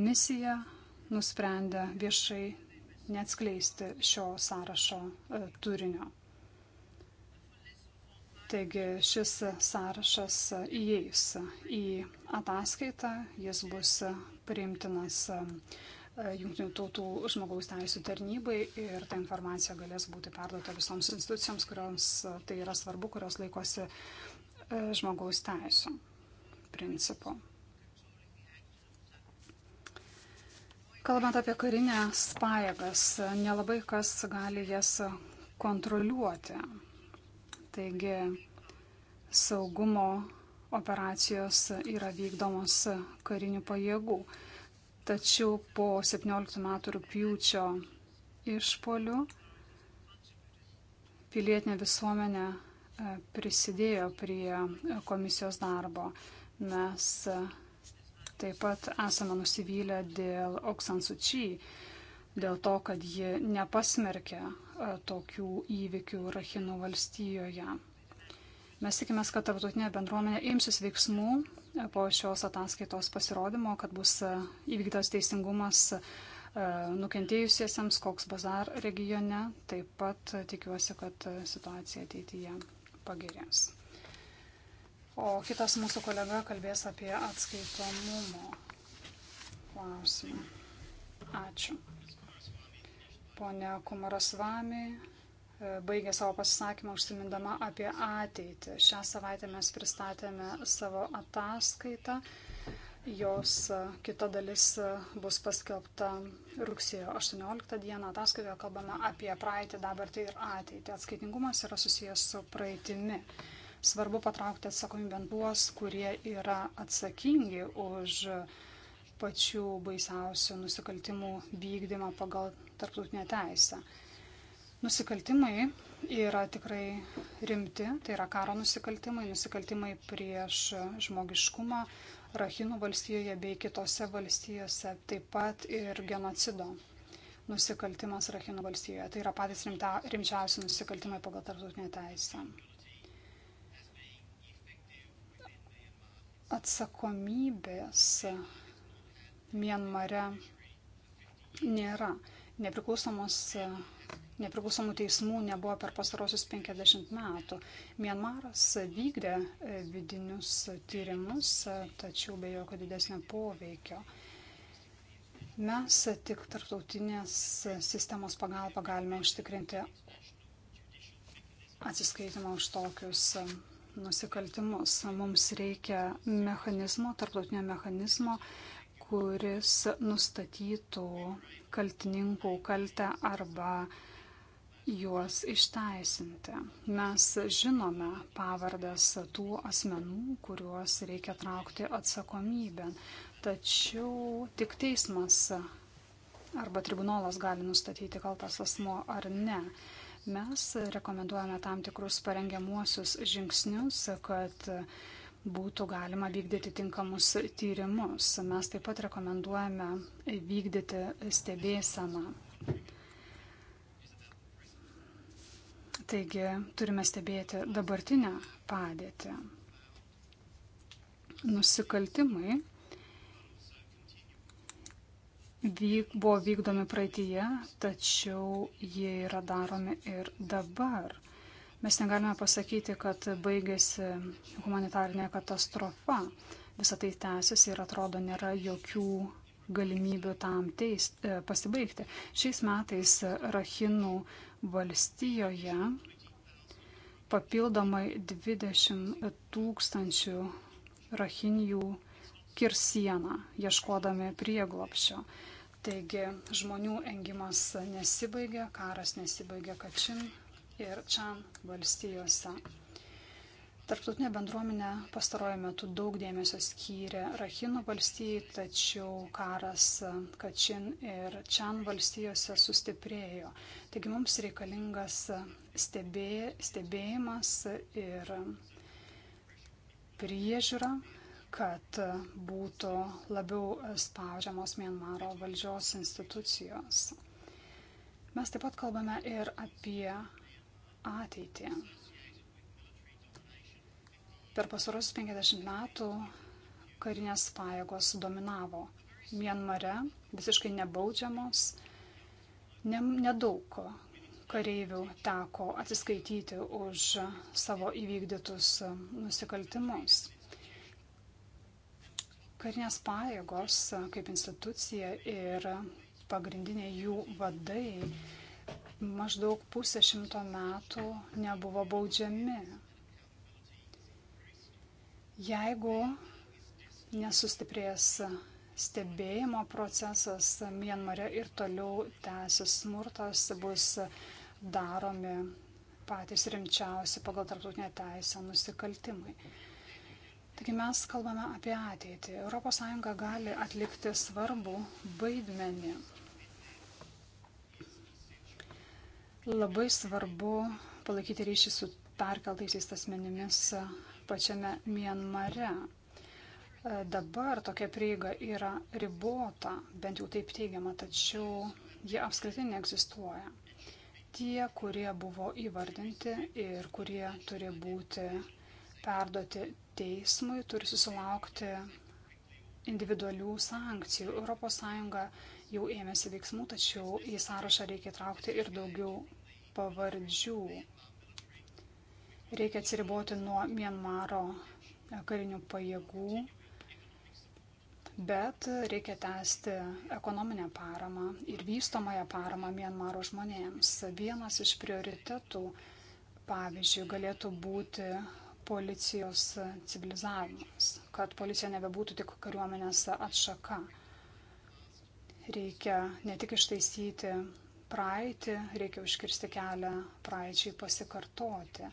Misija nusprendė viešai neatskleisti šio sąrašo e, turinio. Taigi šis sąrašas įeis į ataskaitą, jis bus priimtinas e, Junktinių tautų žmogaus teisų tarnybai ir ta informacija galės būti perduota visoms institucijoms, kurioms e, tai yra svarbu, kurios laikosi žmogaus teisų principo. Kalbant apie karinės pajėgas, nelabai kas gali jas kontroliuoti. Taigi saugumo operacijos yra vykdomos karinių pajėgų. Tačiau po 17 metų rūpjūčio išpolių pilietinė visuomenė e, prisidėjo prie komisijos darbo. Mes Taip pat esame nusivylę dėl Oksan Suči, dėl to, kad ji nepasmerkė e, tokių įvykių Rahinų valstijoje. Mes tikime, kad tarptautinė bendruomenė imsis veiksmų e, po šios ataskaitos pasirodymo, kad bus e, įvykdytas teisingumas nukentėjusiesiems Koks bazar regione. Taip pat tikiuosi, kad situacija ateityje pagerės o kitas mūsų kolega kalbės apie atskaitomumo klausimą. Ačiū. Pone Kumarasvami e, baigė savo pasisakymą užsimindama apie ateitį. Šią savaitę mes pristatėme savo ataskaitą. Jos e, kita dalis e, bus paskelbta rugsėjo 18 dieną. Ataskaitoje kalbame apie praeitį, dabartį ir ateitį. Atskaitingumas yra susijęs su praeitimi. Svarbu patraukti atsakomybę tuos, kurie yra atsakingi už pačių baisiausių nusikaltimų vykdymą pagal tarptautinę teisę. Nusikaltimai yra tikrai rimti, tai yra karo nusikaltimai, nusikaltimai prieš žmogiškumą Rahinų valstijoje bei kitose valstijose, taip pat ir genocido nusikaltimas Rahinų valstijoje. Tai yra patys rimta, rimčiausi nusikaltimai pagal tarptautinę teisę. atsakomybės Mienmare nėra. Nepriklausomų teismų nebuvo per pastarosius 50 metų. Mienmaras vykdė vidinius tyrimus, tačiau be jokio didesnio poveikio. Mes tik tarptautinės sistemos pagalba galime užtikrinti atsiskaitimą už tokius nusikaltimus. Mums reikia mechanizmo, tarptautinio mechanizmo, kuris nustatytų kaltininkų kaltę arba juos išteisinti. Mes žinome pavardas tų asmenų, kuriuos reikia traukti atsakomybę, tačiau tik teismas arba tribunolas gali nustatyti kaltas asmo ar ne. Mes rekomenduojame tam tikrus parengiamuosius žingsnius, kad būtų galima vykdyti tinkamus tyrimus. Mes taip pat rekomenduojame vykdyti stebėseną. Taigi turime stebėti dabartinę padėtį. Nusikaltimai vyk, buvo vykdomi praeitie, tačiau jie yra daromi ir dabar. Mes negalime pasakyti, kad baigėsi humanitarinė katastrofa. Visą tai tęsiasi ir atrodo nėra jokių galimybių tam teist, e, pasibaigti. Šiais metais Rahinų valstijoje papildomai 20 tūkstančių Rahinijų kirs sieną, ieškodami prieglopščio. Taigi žmonių engimas nesibaigia, karas nesibaigia Kačin ir Čan valstijose. Tarptautinė bendruomenė pastarojame metu daug dėmesio skyrė Rahino valstijai, tačiau karas Kačin ir Čan valstijose sustiprėjo. Taigi mums reikalingas stebė, stebėjimas ir priežiūra kad būtų labiau spaudžiamos Mienmaro valdžios institucijos. Mes taip pat kalbame ir apie ateitį. Per pasarus 50 metų karinės pajėgos dominavo Mienmare, visiškai nebaudžiamos, ne, nedaug kareivių teko atsiskaityti už savo įvykdytus nusikaltimus. Karinės pajėgos kaip institucija ir pagrindiniai jų vadai maždaug pusę šimto metų nebuvo baudžiami. Jeigu nesustiprės stebėjimo procesas Mienmare ir toliau tęsis smurtas, bus daromi patys rimčiausi pagal tarptautinę teisę nusikaltimai. Taigi mes kalbame apie ateitį. ES gali atlikti svarbų vaidmenį. Labai svarbu palaikyti ryšį su perkeltaisiais asmenimis pačiame Mienmare. Dabar tokia prieiga yra ribota, bent jau taip teigiama, tačiau ji apskritai neegzistuoja tie, kurie buvo įvardinti ir kurie turi būti perduoti teismui, turi susilaukti individualių sankcijų. ES jau ėmėsi veiksmų, tačiau į sąrašą reikia traukti ir daugiau pavardžių. Reikia atsiriboti nuo Mienmaro karinių pajėgų, bet reikia tęsti ekonominę paramą ir vystomąją paramą Mienmaro žmonėms. Vienas iš prioritetų, pavyzdžiui, galėtų būti policijos civilizavimas, kad policija nebebūtų tik kariuomenės atšaka. Reikia ne tik ištaisyti praeitį, reikia užkirsti kelią praeičiai pasikartoti.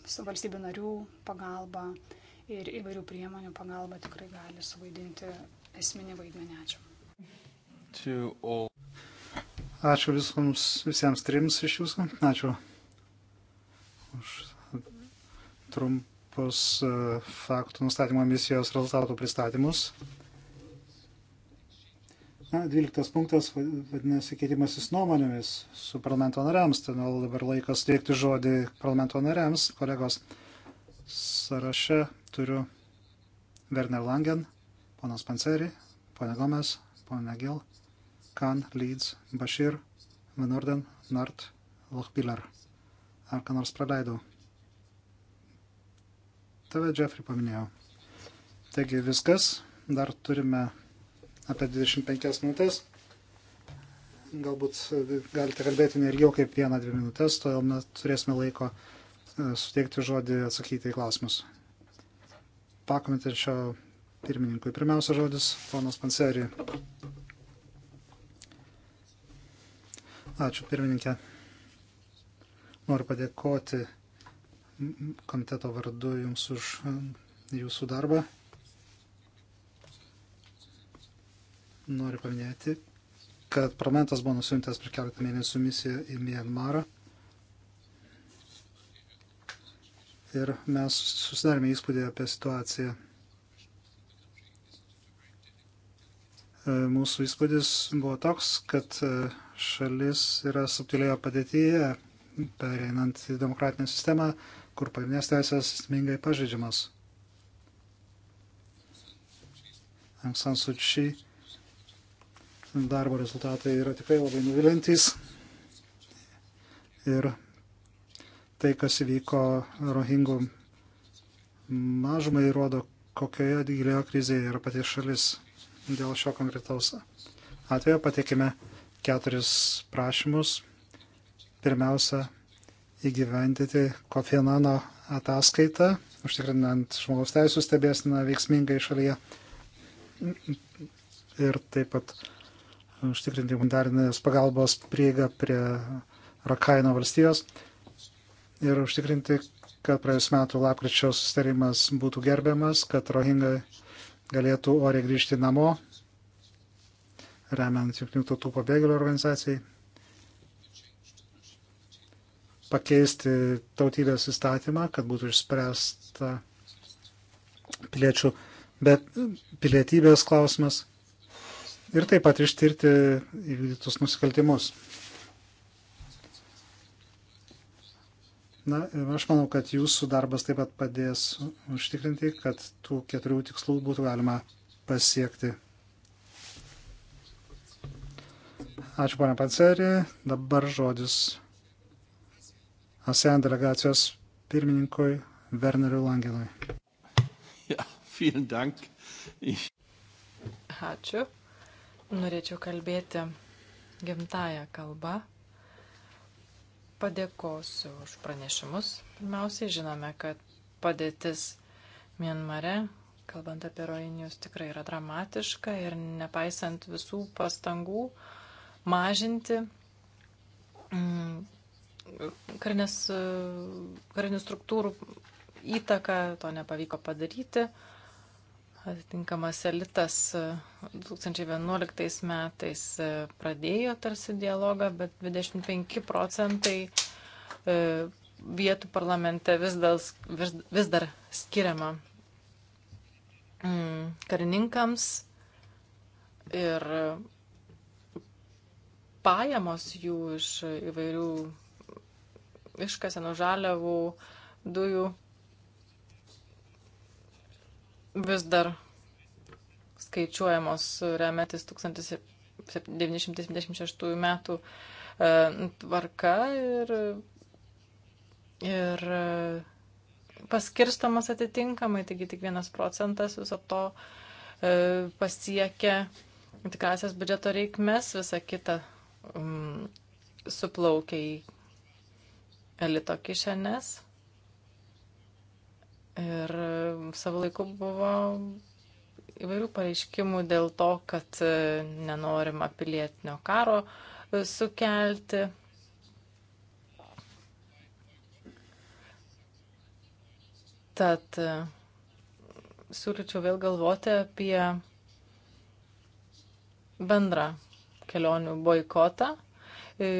ES valstybių narių pagalba ir įvairių priemonių pagalba tikrai gali suvaidinti esminį vaidmenį. Ačiū. Ačiū visums, visiems trims iš jūsų. Ačiū už trumpus e, faktų nustatymo misijos rezultatų pristatymus. Na, 12 punktas vadinasi keitimasis nuomonėmis su parlamento nariams. Ten tai dabar laikas teikti žodį parlamento nariams. Kolegos sąraše turiu Werner Langen, ponas Panceri, ponė Gomes, ponė Gil, Kan, Leeds, Bashir, Van Orden, Nart, Lochbiller. Ar ką nors praleidau? Tave Jeffrey paminėjo. Taigi viskas. Dar turime apie 25 minutės. Galbūt galite kalbėti ne ilgiau kaip vieną, dvi minutės, todėl mes turėsime laiko e, suteikti žodį atsakyti į klausimus. Pakomitečio pirmininkui. Pirmiausia žodis, ponas Panseri. Ačiū pirmininkė. Noriu padėkoti komiteto vardu Jums už e, Jūsų darbą. Noriu paminėti, kad parlamentas buvo nusiuntęs per keletą mėnesių misiją į Mianmarą. Ir mes susidarėme įspūdį apie situaciją. E, mūsų įspūdis buvo toks, kad e, šalis yra subtilioje padėtyje, pereinant į demokratinę sistemą, kur pagrindinės teisės smingai pažeidžiamas. Anksan Suči darbo rezultatai yra tikrai labai nuvilintys. Ir tai, kas įvyko Rohingų mažumai, rodo, kokioje gilioje krizėje yra pati šalis. Dėl šio konkretaus atveju pateikime keturis prašymus. Pirmiausia, įgyventyti Kofienano ataskaitą, užtikrinant žmogaus teisų stebėsiną veiksmingai šalyje ir taip pat užtikrinti humanitarinės pagalbos prieigą prie Rakaino valstijos ir užtikrinti, kad praėjus metų lapkričio sustarimas būtų gerbiamas, kad rohingai galėtų oriai grįžti namo, remiant Junktinių tautų pabėgėlių organizacijai pakeisti tautybės įstatymą, kad būtų išspręsta piliečių, bet pilietybės klausimas ir taip pat ištirti įvykdytus nusikaltimus. Na, aš manau, kad jūsų darbas taip pat padės užtikrinti, kad tų keturių tikslų būtų galima pasiekti. Ačiū, ponia Panceri. Dabar žodis ASEAN delegacijos pirmininkui Werneriu Langenui. Ja, vielen Dank. Ich... Ačiū. Norėčiau kalbėti gimtają kalbą. Padėkosiu už pranešimus. Pirmiausiai žinome, kad padėtis Mienmare, kalbant apie rojinius, tikrai yra dramatiška ir nepaisant visų pastangų mažinti mm, karinės, e, karinių struktūrų įtaka, to nepavyko padaryti. Atitinkamas elitas 2011 e, metais e, pradėjo tarsi dialogą, bet 25 procentai vietų parlamente vis dar, vis, vis dar skiriama mm, karininkams ir pajamos jų iš įvairių iškasenų žaliavų, dujų vis dar skaičiuojamos remetis 1976 metų e, tvarka ir, ir e, paskirstamas atitinkamai, taigi tik vienas procentas viso to e, pasiekia tikrasias biudžeto reikmes, visa kita um, suplaukia į elito kišenės. Ir savo laiku buvo įvairių pareiškimų dėl to, kad nenorima pilietinio karo e, sukelti. Tad e, siūlyčiau vėl galvoti apie bendrą kelionių boikotą, e,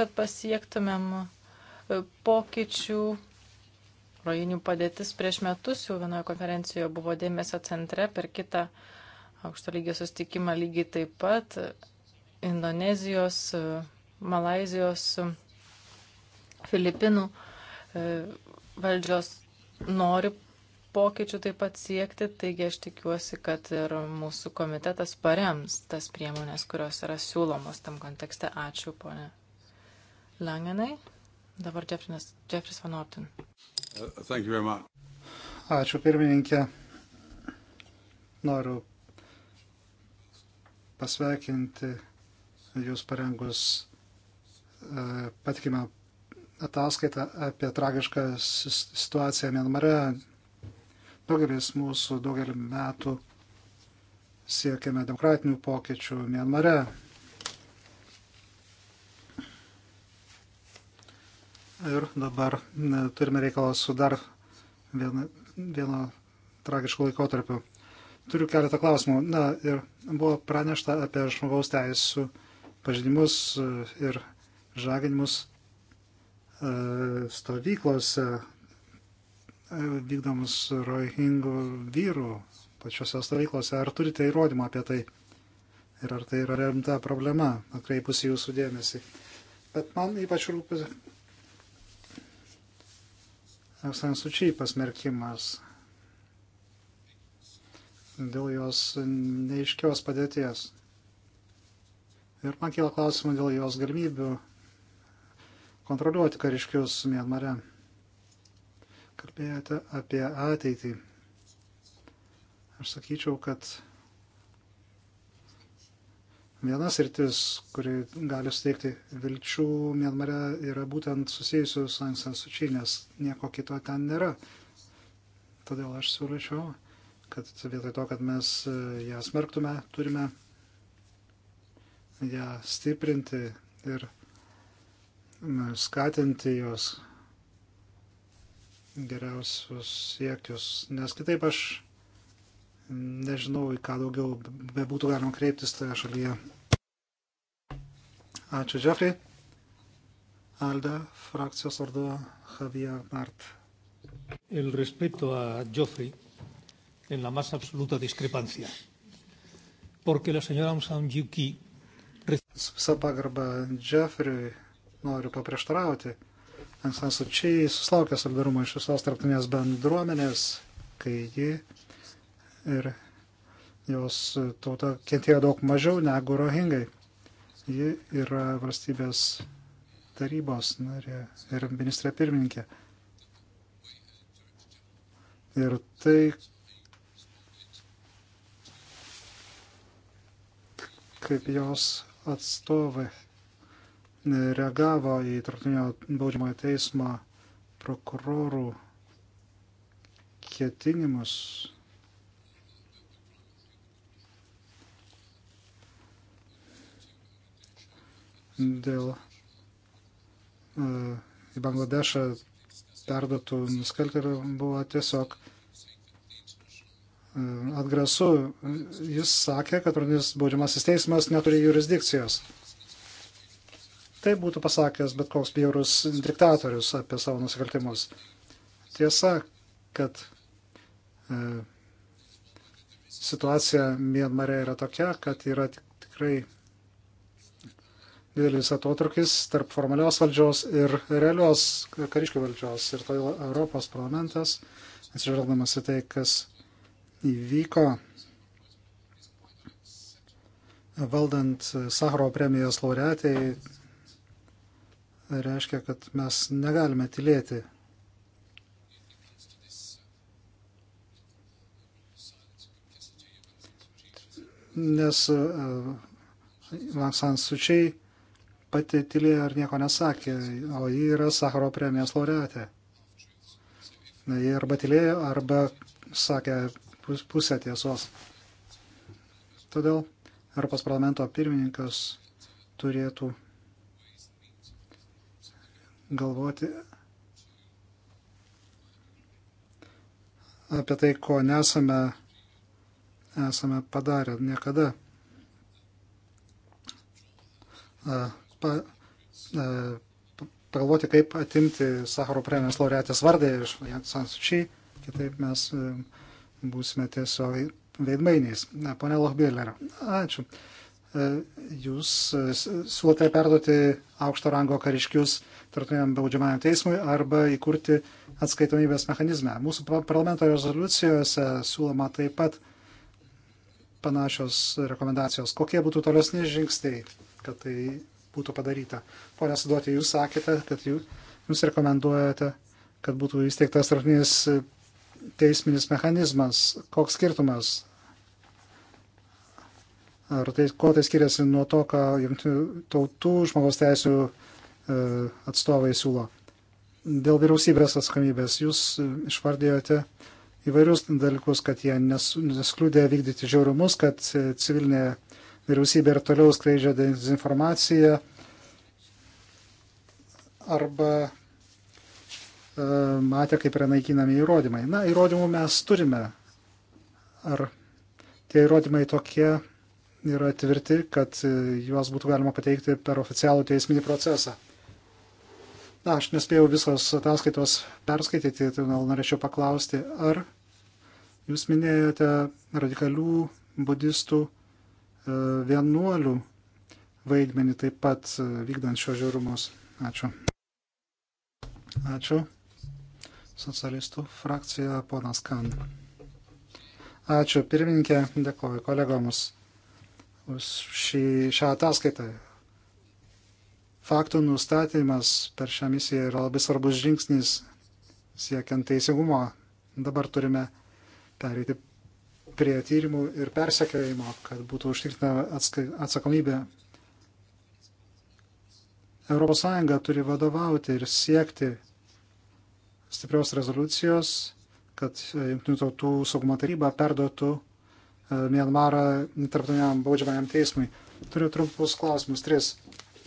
kad pasiektumėm pokyčių. Rojinių padėtis prieš metus jau vienoje konferencijoje buvo dėmesio centre, per kitą aukšto lygio sustikimą lygiai taip pat Indonezijos, Malazijos, Filipinų e, valdžios nori pokyčių taip pat siekti, taigi aš tikiuosi, kad ir mūsų komitetas parems tas priemonės, kurios yra siūlomos tam kontekste. Ačiū, ponė Langenai. Dabar Jeffris, Jeffris Van Orten. Uh, Ačiū pirmininkė. Noriu pasveikinti jūs parengus uh, patikimą ataskaitą apie tragišką situaciją Mianmare. Daugelis mūsų daugelį metų siekiame demokratinių pokyčių Mianmare Ir dabar turime reikalą su dar viena, vieno tragiško laikotarpiu. Turiu keletą klausimų. Na ir buvo pranešta apie žmogaus teisų pažinimus e, ir žaginimus e, stovyklose e, vykdomus rohingų vyrų pačiose stovyklose. Ar turite įrodymą apie tai? Ir ar tai yra rimta problema, atkreipus jūsų dėmesį. Bet man ypač rūpi Aksan Sučiai pasmerkimas dėl jos neiškios padėties. Ir man kyla klausimų dėl jos galimybių kontroliuoti kariškius Mianmare. Kalbėjote apie ateitį. Aš sakyčiau, kad Vienas rytis, kuri gali suteikti vilčių Mienmare, yra būtent susijusiu su Anksan Sučiai, nes nieko kito ten nėra. Todėl aš siūlyčiau, kad vietoj to, kad mes e, ją smerktume, turime ją stiprinti ir skatinti jos geriausius siekius, nes kitaip aš nežinau, į ką daugiau bebūtų galima kreiptis toje šalyje. Ačiū, Jeffrey. Alda, frakcijos vardu Javier Mart. El respeto a Joffrey en la más absoluta discrepancia. Porque la señora Aung San Suu Kyi... Su visa pagarba Jeffrey noriu paprieštarauti. Aung San Suu Kyi susilaukė solidarumo iš visos tarptautinės bendruomenės, kai ji ir jos tauta kentėjo daug mažiau negu rohingai. Ji yra valstybės tarybos narė ir ministrė pirmininkė. Ir tai, kaip jos atstovai reagavo į tarptautinio baudžiamojo teismo prokurorų ketinimus dėl e, į Bangladešą perdotų nusikaltėlių buvo tiesiog e, atgrasu. Jis sakė, kad pradinis baudžiamasis teismas neturi jurisdikcijos. Tai būtų pasakęs bet koks bjaurus diktatorius apie savo nusikaltimus. Tiesa, kad e, situacija Mienmare yra tokia, kad yra tikrai didelis atotrukis tarp formalios valdžios ir realios kariškių valdžios. Ir todėl Europos parlamentas, atsižvelgdamas į tai, kas įvyko valdant Saharo premijos laureatai, reiškia, kad mes negalime tylėti. Nes e, uh, Vansan Sučiai pati tylėjo ir nieko nesakė, o ji yra Sakaro premijos laureatė. Ji arba tylėjo, arba sakė pusę tiesos. Todėl Europos parlamento pirmininkas turėtų galvoti apie tai, ko nesame esame padarę niekada pa, e, pagalvoti, kaip atimti Sakaro premijos laureatės vardą iš Sansučiai, kitaip mes e, būsime tiesiog veidmainiais. Ne, pone Lochbiller, ačiū. E, jūs e, siūlote perduoti aukšto rango kariškius tartumėm baudžiamajam teismui arba įkurti atskaitomybės mechanizmą. Mūsų parlamento rezoliucijose siūloma taip pat panašios rekomendacijos. Kokie būtų tolesni žingsniai, kad tai būtų padaryta. Pone Suduoti, jūs sakėte, kad jūs, jūs rekomenduojate, kad būtų įsteigtas tarptautinis e, teisminis mechanizmas. Koks skirtumas? Ar tai, kuo tai skiriasi nuo to, ką jungtinių tautų žmogaus teisų e, atstovai siūlo? Dėl vyriausybės atsakomybės jūs e, išvardėjote įvairius dalykus, kad jie nes, neskliūdė vykdyti žiaurumus, kad civilinė vyriausybė ir toliau skleidžia dezinformaciją arba e, matė, kaip yra naikinami įrodymai. Na, įrodymų mes turime. Ar tie įrodymai tokie yra tvirti, kad e, juos būtų galima pateikti per oficialų teisminį procesą. Na, aš nespėjau visos ataskaitos perskaityti, todėl tai norėčiau paklausti, ar jūs minėjote radikalių budistų E, vienuolių vaidmenį taip pat e, vykdant šios žiaurumus. Ačiū. Ačiū. Socialistų frakcija ponas Kan. Ačiū pirmininkė, dėkoju kolegomus už šį, šią ataskaitą. Faktų nustatymas per šią misiją yra labai svarbus žingsnis siekiant teisingumo. Dabar turime pereiti prie tyrimų ir persekiojimo, kad būtų užtikrinta atsakomybė. ES turi vadovauti ir siekti stiprios rezoliucijos, kad e, Junktinių tautų saugumo taryba perduotų e, Mianmarą tarptautiniam baudžiamajam teismui. Turiu trumpus klausimus. Tris.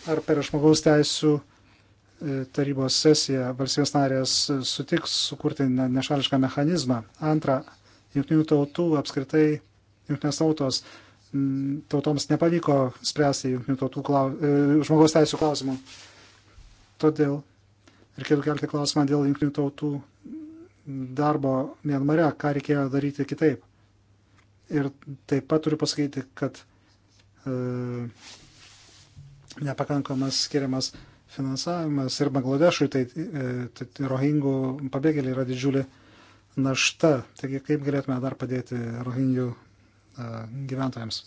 Ar per žmogaus teisų e, tarybos sesiją valstybės narės sutiks sukurti nešališką mechanizmą? Antra, Junktinių tautų apskritai, jungtinės tautos, tautoms nepavyko spręsti jungtinių tautų klau, e, žmogaus teisų klausimų. Todėl reikėtų kelti klausimą dėl jungtinių tautų darbo Mianmare, ką reikėjo daryti kitaip. Ir taip pat turiu pasakyti, kad e, nepakankamas skiriamas finansavimas ir Bangladešui, tai, e, tai rohingų pabėgėliai yra didžiulė e, našta. Taigi kaip galėtume dar padėti rohingių gyventojams?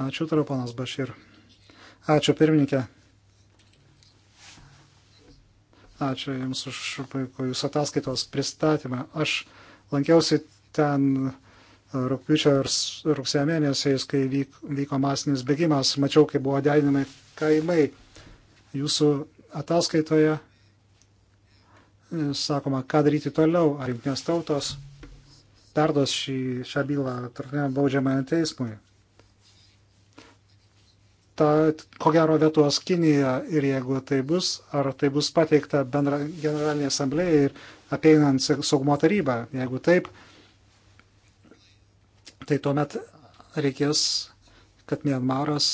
Ačiū, turiu panas Bašir. Ačiū, pirmininkė. Ačiū Jums už puikų Jūsų ataskaitos pristatymą. Aš lankiausi ten rūpiučio ir rugsėjo mėnesiais, kai vyko masinis bėgimas, mačiau, kaip buvo derinami kaimai. Jūsų ataskaitoje sakoma, ką daryti toliau, ar jungtinės tautos perdos šį, šią bylą tarptautiniam baudžiamajam teismui. Ta, ko gero vietos Kinija ir jeigu tai bus, ar tai bus pateikta bendra, generalinė asamblėje ir apeinant saugumo tarybą. Jeigu taip, tai tuomet reikės, kad Mianmaras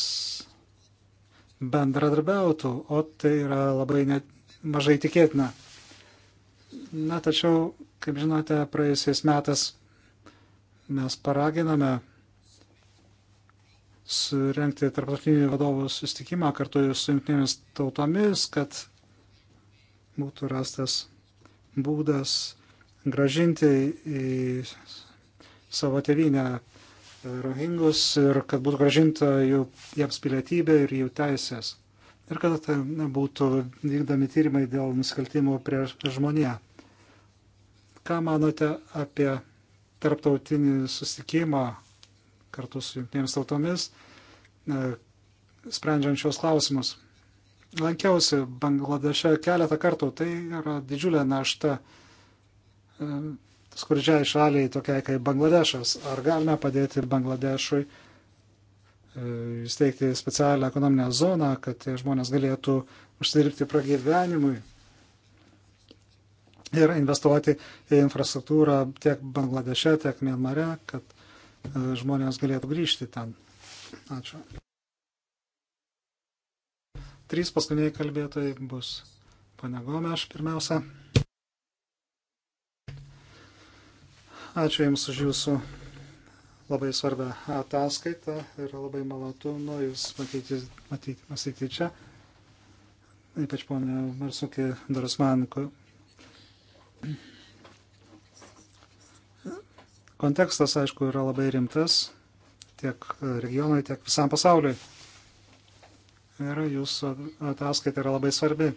bendradarbiautų, o tai yra labai net mažai tikėtina. Na, tačiau, kaip žinote, praėjusiais metais mes paraginame surenkti tarptautinį vadovų sustikimą kartu su jungtinėmis tautomis, kad būtų rastas būdas gražinti į savo tėvynę rohingus ir kad būtų gražinta jų, jiems pilietybė ir jų teisės. Ir kad tai būtų vykdomi tyrimai dėl nusikaltimų prieš žmonę. Ką manote apie tarptautinį susitikimą kartu su jungtinėmis tautomis, e, sprendžiančios klausimus? Lankiausi Bangladeše keletą kartų, tai yra didžiulė našta e, skurdžiai šaliai tokiai kaip Bangladešas. Ar galime padėti Bangladešui e, įsteigti specialią ekonominę zoną, kad žmonės galėtų užsidirbti pragyvenimui? ir investuoti į infrastruktūrą tiek Bangladeše, tiek Mienmare, kad e, žmonės galėtų grįžti ten. Ačiū. Trys paskutiniai kalbėtojai bus pane Gomeš pirmiausia. Ačiū Jums už Jūsų labai svarbę ataskaitą ir labai malonu Jūs matyti, matyti, matyti čia. Ypač ponė Marsukė Darusmanko Kontekstas, aišku, yra labai rimtas tiek regionui, tiek visam pasauliui. Ir jūsų ataskaita yra labai svarbi.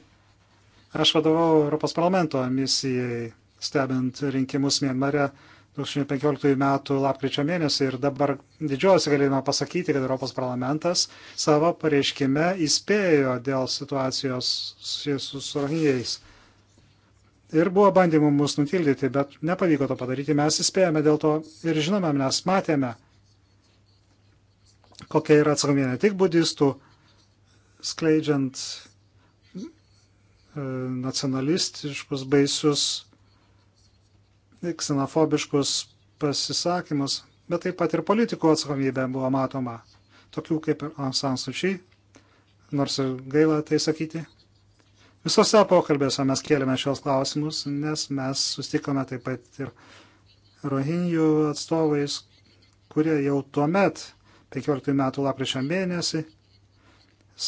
Aš vadovau Europos parlamento misijai stebint rinkimus Mienmare 2015 metų lapkričio mėnesį ir dabar didžiuosi galima pasakyti, kad Europos parlamentas savo pareiškime įspėjo dėl situacijos su rohingiais. Su Ir buvo bandymų mus nutildyti, bet nepavyko to padaryti. Mes įspėjome dėl to ir žinome, mes matėme, kokia yra atsakomybė ne tik budistų, skleidžiant e, nacionalistiškus, baisius, ksenofobiškus pasisakymus, bet taip pat ir politikų atsakomybė buvo matoma, tokių kaip Ansan Sučiai, nors ir gaila tai sakyti. Visose pokalbėse mes kėlėme šios klausimus, nes mes sustikome taip pat ir Rohinijų atstovais, kurie jau tuo met, 15 metų lapkričio mėnesį,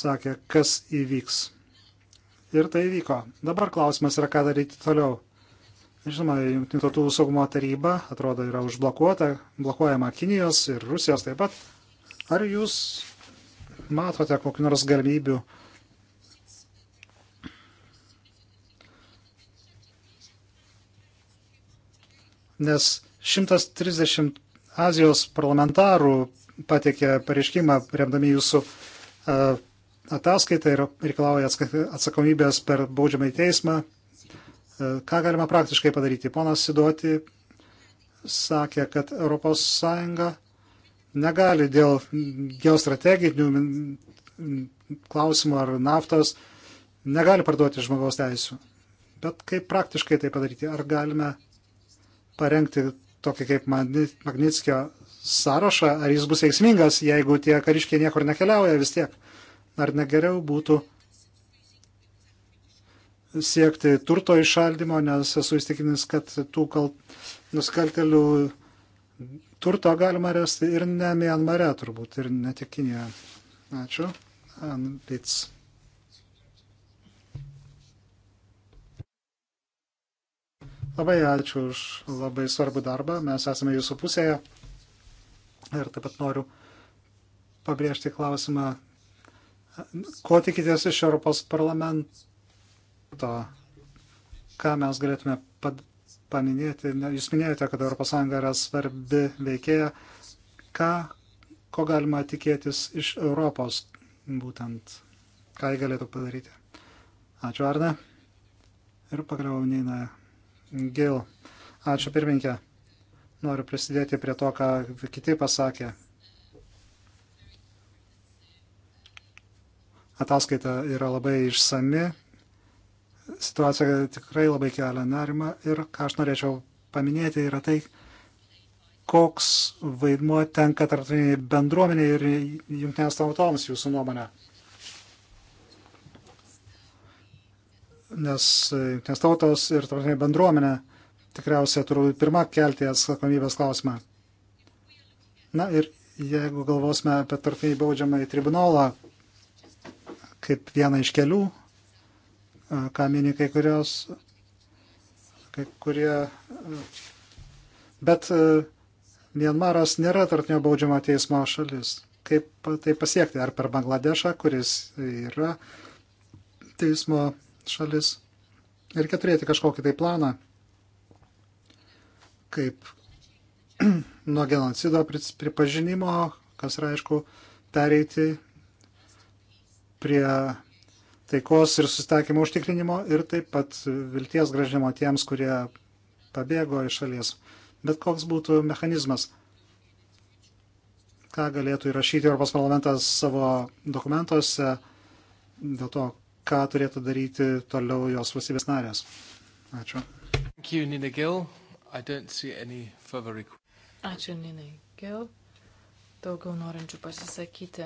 sakė, kas įvyks. Ir tai įvyko. Dabar klausimas yra, ką daryti toliau. Žinoma, Junktinių tautų saugumo taryba, atrodo, yra užblokuota, blokuojama Kinijos ir Rusijos taip pat. Ar jūs matote kokiu nors galimybių nes 130 Azijos parlamentarų pateikė pareiškimą, remdami jūsų e, ataskaitą ir reikalauja atsakomybės per baudžiamąjį teismą. E, ką galima praktiškai padaryti? Ponas Sidoti sakė, kad ES negali dėl geostrateginių klausimų ar naftos negali parduoti žmogaus teisų. Bet kaip praktiškai tai padaryti? Ar galime parengti tokį kaip Magnitskio sąrašą, ar jis bus veiksmingas, jeigu tie kariškiai niekur nekeliauja vis tiek. Ar negeriau būtų siekti turto išaldymo, nes esu įstikinęs, kad tų kal... nusikaltelių turto galima rasti ir ne Mianmare turbūt, ir ne tik Kinijoje. Ačiū. Anlits. Labai ačiū už labai svarbų darbą. Mes esame jūsų pusėje. Ir taip pat noriu pabrėžti klausimą, ko tikitės iš Europos parlamento, ką mes galėtume paminėti. Jūs minėjote, kad ES yra svarbi veikėja. Ką, ko galima tikėtis iš Europos būtent, ką jį galėtų padaryti. Ačiū, Arne. Ir pagaliau Nina Gil. Ačiū pirminkė. Noriu prisidėti prie to, ką kiti pasakė. Ataskaita yra labai išsami. Situacija tikrai labai kelia nerima ir ką aš norėčiau paminėti yra tai, koks vaidmuo tenka tarptautiniai bendruomeniai ir jungtinės tautoms jūsų nuomonė. nes e, jungtinės tautos ir tarptautinė bendruomenė tikriausiai turi pirmą kelti atsakomybės klausimą. Na ir jeigu galvosime apie tarptautinį baudžiamąjį tribunolą kaip vieną iš kelių, e, ką mini kai kurios, kai kurie. E, bet Mienmaras nėra tarptautinio baudžiamo teismo šalis. Kaip tai pasiekti? Ar per Bangladešą, kuris yra teismo šalis. Reikia turėti kažkokį tai planą, kaip nuo genocido pripažinimo, kas yra aišku, pereiti prie taikos ir sustakymo užtikrinimo ir taip pat vilties gražinimo tiems, kurie pabėgo iš šalies. Bet koks būtų mechanizmas, ką galėtų įrašyti Europos parlamentas savo dokumentuose dėl to, ką turėtų daryti toliau jos valstybės narės. Ačiū. Ačiū, Nina Gill. Ačiū, Nina Gill. Daugiau norinčių pasisakyti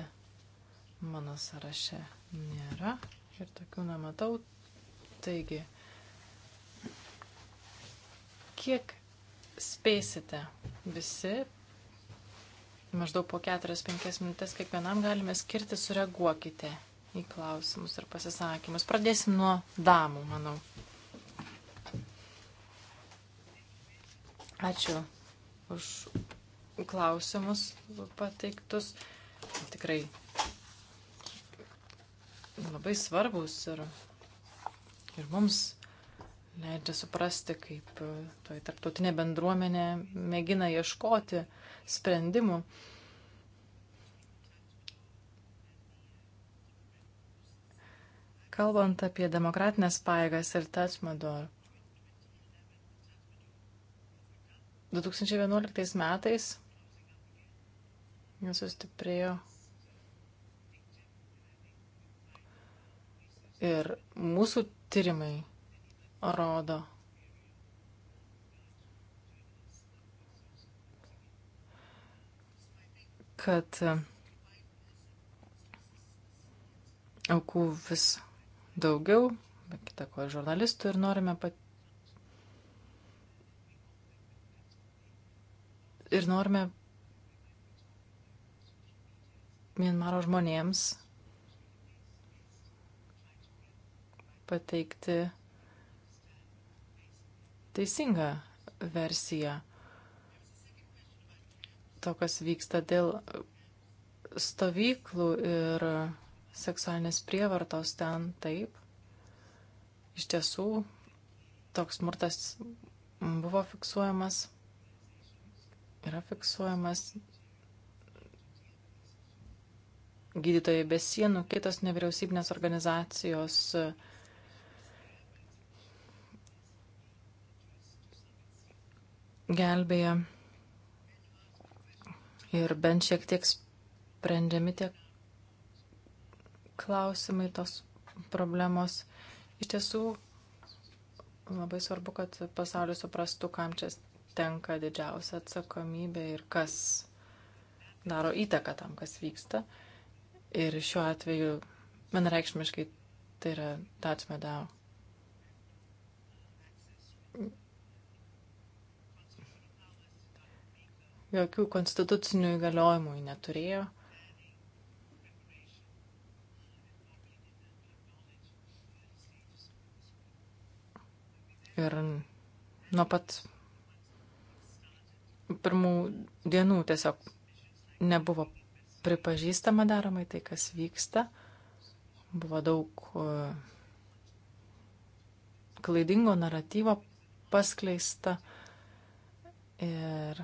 mano sąraše nėra ir tokių nematau. Taigi, kiek spėsite visi, maždaug po 4-5 minutės kiekvienam galime skirti, sureaguokite į klausimus ir pasisakymus. Pradėsim nuo damų, manau. Ačiū už klausimus pateiktus. Tikrai labai svarbus ir, ir mums leidžia suprasti, kaip toji tarptautinė bendruomenė mėgina ieškoti sprendimų. Uh, Kalbant apie demokratinės paėgas ir Tačmador. 2011 metais nesustiprėjo ir mūsų tyrimai rodo, kad aukų vis daugiau, be kita ko, žurnalistų ir norime pat. Ir norime Mienmaro žmonėms pateikti teisingą versiją to, kas vyksta dėl stovyklų ir seksualinės prievartos ten taip. Iš tiesų, toks smurtas buvo fiksuojamas, yra fiksuojamas. Gydytojai be sienų, kitos nevyriausybinės organizacijos gelbėja ir bent šiek tiek sprendžiami tiek klausimai, tos problemos. Iš tiesų, labai svarbu, kad pasaulis suprastų, kam čia tenka didžiausia atsakomybė ir kas daro įtaką tam, kas vyksta. Ir šiuo atveju vienareikšmiškai tai yra Datsmedau. Jokių konstitucinių įgaliojimų neturėjo. Ir nuo pat pirmų dienų tiesiog nebuvo pripažįstama daromai tai, kas vyksta. Buvo daug e, klaidingo naratyvo paskleista. Ir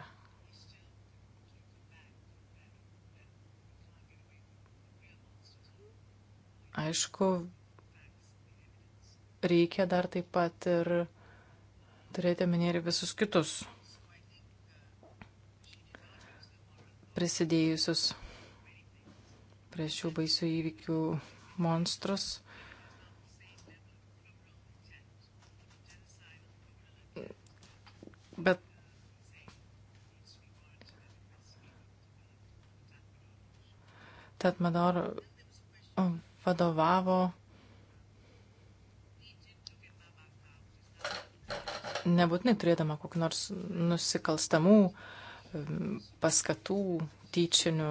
aišku, reikia dar taip pat ir turėti minėti visus kitus prisidėjusius prie šių baisių įvykių monstrus. Bet Tad Mador vadovavo nebūtinai turėdama kokiu nors nusikalstamų paskatų, tyčinių.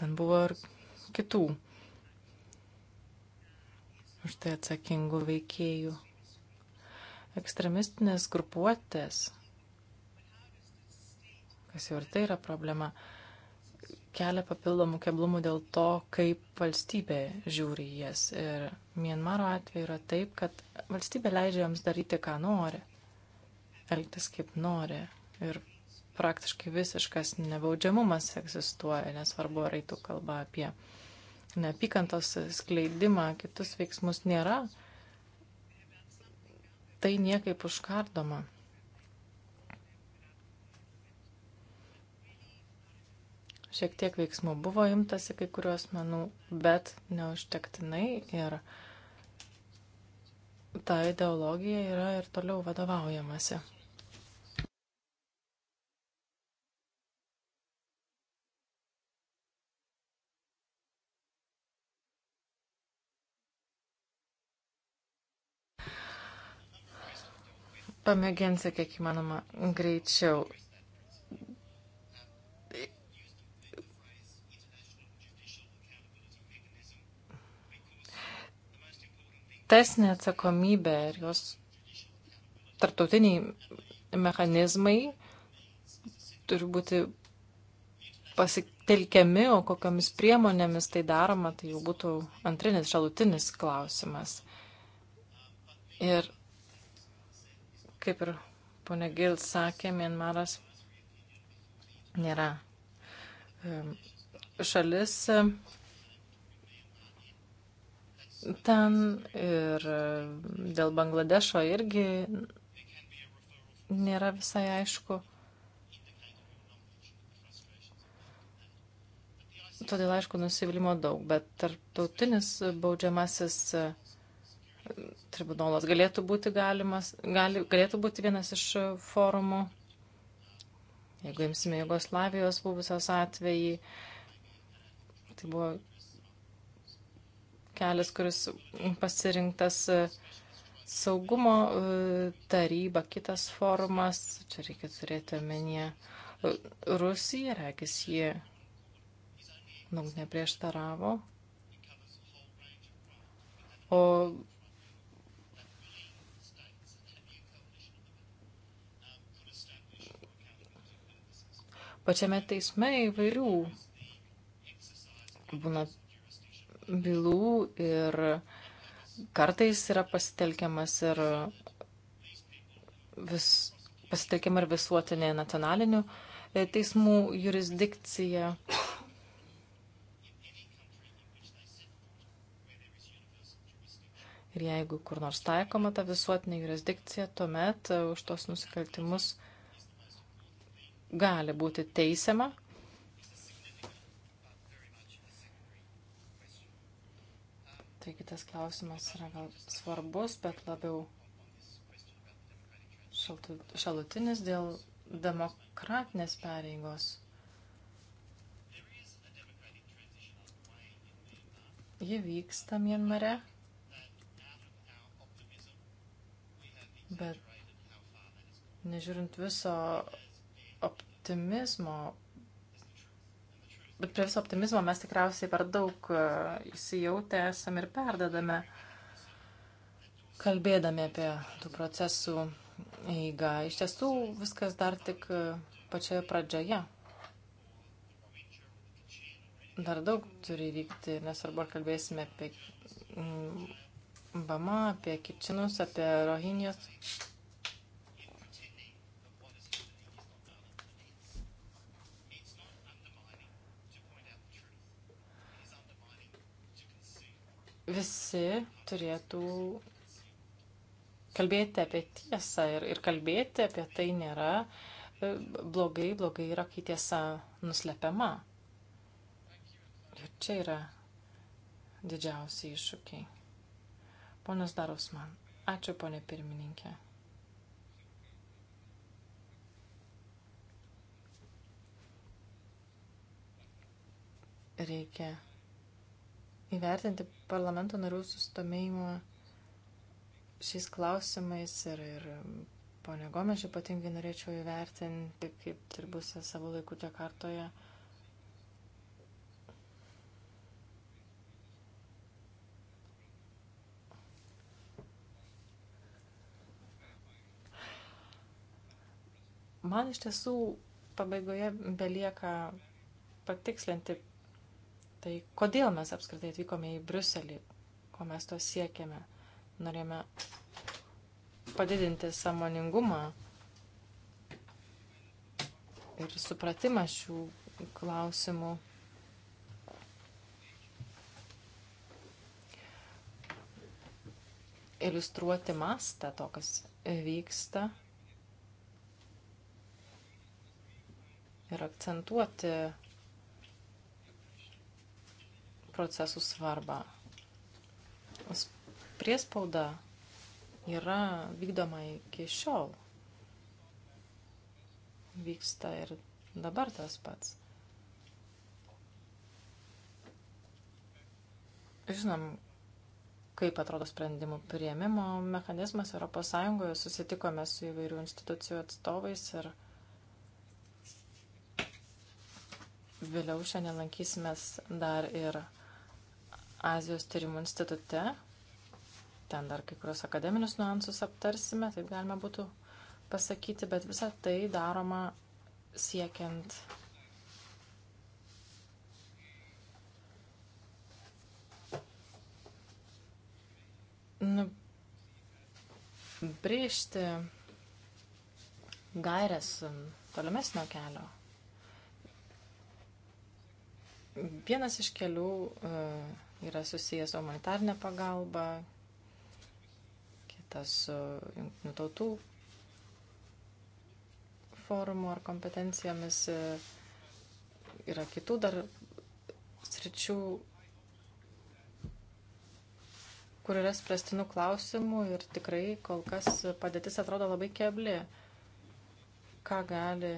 Ten buvo ir kitų už tai atsakingų veikėjų. Ekstremistinės grupuotės, kas jau ir tai yra problema, kelia papildomų keblumų dėl to, kaip valstybė žiūri į jas. Ir Mienmaro atveju yra taip, kad valstybė leidžia joms daryti, ką nori, elgtis kaip nori. Ir praktiškai visiškas nebaudžiamumas egzistuoja, nesvarbu, ar eitų kalba apie neapykantos skleidimą, kitus veiksmus nėra. Tai niekaip užkardoma. šiek tiek veiksmų buvo imtasi kai kuriuos menų, bet neužtektinai ir ta ideologija yra ir toliau vadovaujamasi. Pamėginsiu kiek įmanoma greičiau griežtesnė atsakomybė ir jos tarptautiniai mechanizmai turi būti pasitelkiami, o kokiamis priemonėmis tai daroma, tai jau būtų antrinis, šalutinis klausimas. Ir kaip ir ponė Gil sakė, Mienmaras nėra šalis, ten ir dėl Bangladešo irgi nėra visai aišku. Todėl, aišku, nusivylimų daug, bet tarptautinis baudžiamasis e, tribunolas galėtų būti, galimas, gali, galėtų būti vienas iš forumų. Jeigu imsime Jugoslavijos buvusios atvejį, tai buvo kelias, kuris pasirinktas e, saugumo e, taryba, kitas formas. Čia reikia turėti omenyje e, Rusija, regis jie daug neprieštaravo. O pačiame teisme įvairių būna bylų ir kartais yra pasitelkiamas ir vis, pasitelkiama ir visuotinė nacionalinių e, teismų jurisdikcija. Ir jeigu kur nors taikoma ta visuotinė jurisdikcija, tuomet e, už tos nusikaltimus gali būti teisiama Taigi tas klausimas yra gal svarbus, bet labiau šalutinis dėl demokratinės pareigos. Ji vyksta Mienmare, bet nežiūrint viso optimizmo, Bet prie viso optimizmo mes tikriausiai per daug e, įsijautę esam ir perdedame, kalbėdami apie tų procesų eigą. Iš tiesų viskas dar tik e, pačioje pradžioje. Dar daug turi vykti, nesvarbu, ar kalbėsime apie Bama, apie Kičinus, apie Rohinijos visi turėtų kalbėti apie tiesą ir, ir kalbėti apie tai nėra e, blogai, blogai yra, kai tiesa nuslepiama. Ir čia yra didžiausi iššūkiai. Ponas Daros man. Ačiū, ponė pirmininkė. Reikia įvertinti parlamento narių sustomėjimą šiais klausimais ir, ir ponia Gomeš ypatingai norėčiau įvertinti, kaip dirbusi tai savo laiku Džakartoje. Man iš tiesų pabaigoje belieka patikslinti tai, kodėl mes apskritai atvykome į Bruselį, ko mes to siekėme. Norėjome padidinti samoningumą ir supratimą šių klausimų. Iliustruoti mastą to, kas vyksta ir akcentuoti procesų svarbą. Priespauda yra vykdoma iki šiol. Vyksta ir dabar tas pats. Žinom, kaip atrodo sprendimų prieimimo mechanizmas ES, susitikome su įvairių institucijų atstovais ir vėliau šiandien lankysimės dar ir Azijos tyrimų institute. Ten dar kai kurios akademinius nuansus aptarsime, taip galima būtų pasakyti, bet visa tai daroma siekiant nubrėžti gairias tolimesnio kelio. Vienas iš kelių uh, yra susijęs humanitarnė pagalba, kitas su jungtinių tautų forumu ar kompetencijomis. Yra kitų dar sričių, kur yra spręstinų klausimų ir tikrai kol kas padėtis atrodo labai kebli. Ką gali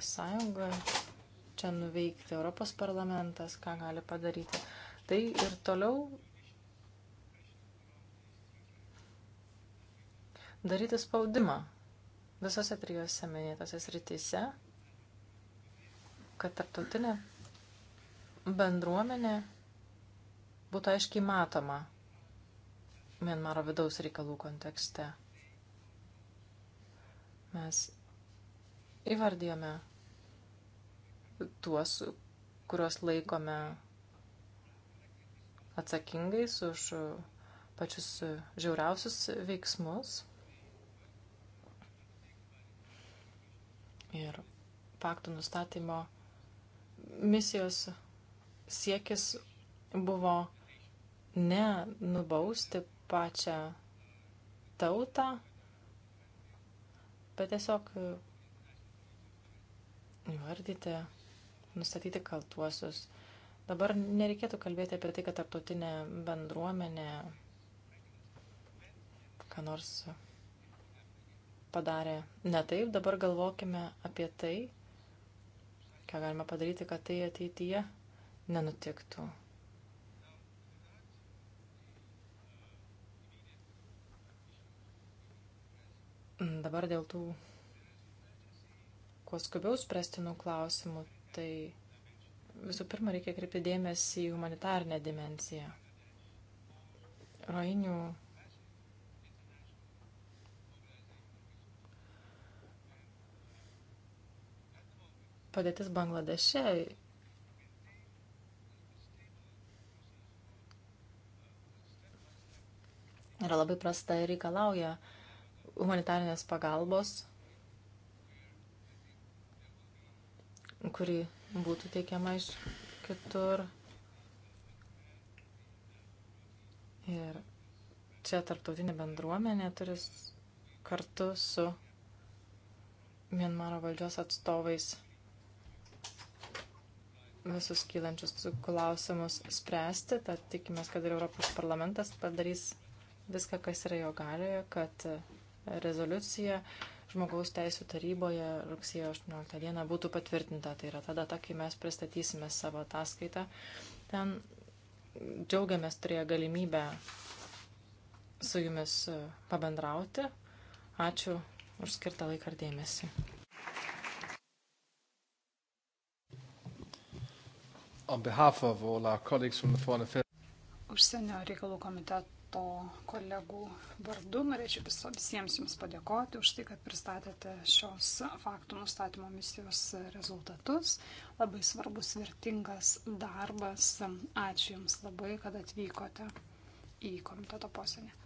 ES čia nuveikti, Europos parlamentas, ką gali padaryti tai ir toliau daryti spaudimą visose trijose minėtose srityse, kad tarptautinė bendruomenė būtų aiškiai matoma Mienmaro vidaus reikalų kontekste. Mes įvardijome tuos, kuriuos laikome atsakingais už e, pačius e, žiauriausius veiksmus. Ir faktų nustatymo misijos siekis buvo ne nubausti pačią tautą, bet tiesiog e, įvardyti, nustatyti kaltuosius Dabar nereikėtų kalbėti apie tai, kad tarptautinė bendruomenė ką nors padarė ne taip, dabar galvokime apie tai, ką galime padaryti, kad tai ateityje nenutiktų. Dabar dėl tų kuo skubiau spręstinų klausimų, tai Visų pirma, reikia kreipti dėmesį į humanitarnę dimenciją. Roinių padėtis Bangladeše yra labai prasta ir reikalauja humanitarinės pagalbos, kuri būtų teikiama iš kitur. Ir čia tarptautinė bendruomenė turi kartu su Mienmaro valdžios atstovais visus kylančius klausimus spręsti. Tad tikimės, kad ir Europos parlamentas padarys viską, kas yra jo galioje, kad rezoliucija uh, žmogaus teisų taryboje rugsėjo 18 dieną būtų patvirtinta. Tai yra ta data, kai mes pristatysime savo ataskaitą. Ten džiaugiamės turėję galimybę su jumis e, pabendrauti. Ačiū už skirtą laiką ir dėmesį. On behalf of all our colleagues from the Foreign Affairs užsienio reikalų komiteto to kolegų vardu norėčiau viso, visiems Jums padėkoti už tai, kad pristatėte šios faktų nustatymo misijos rezultatus. Labai svarbus vertingas darbas. Ačiū Jums labai, kad atvykote į komiteto posėdį.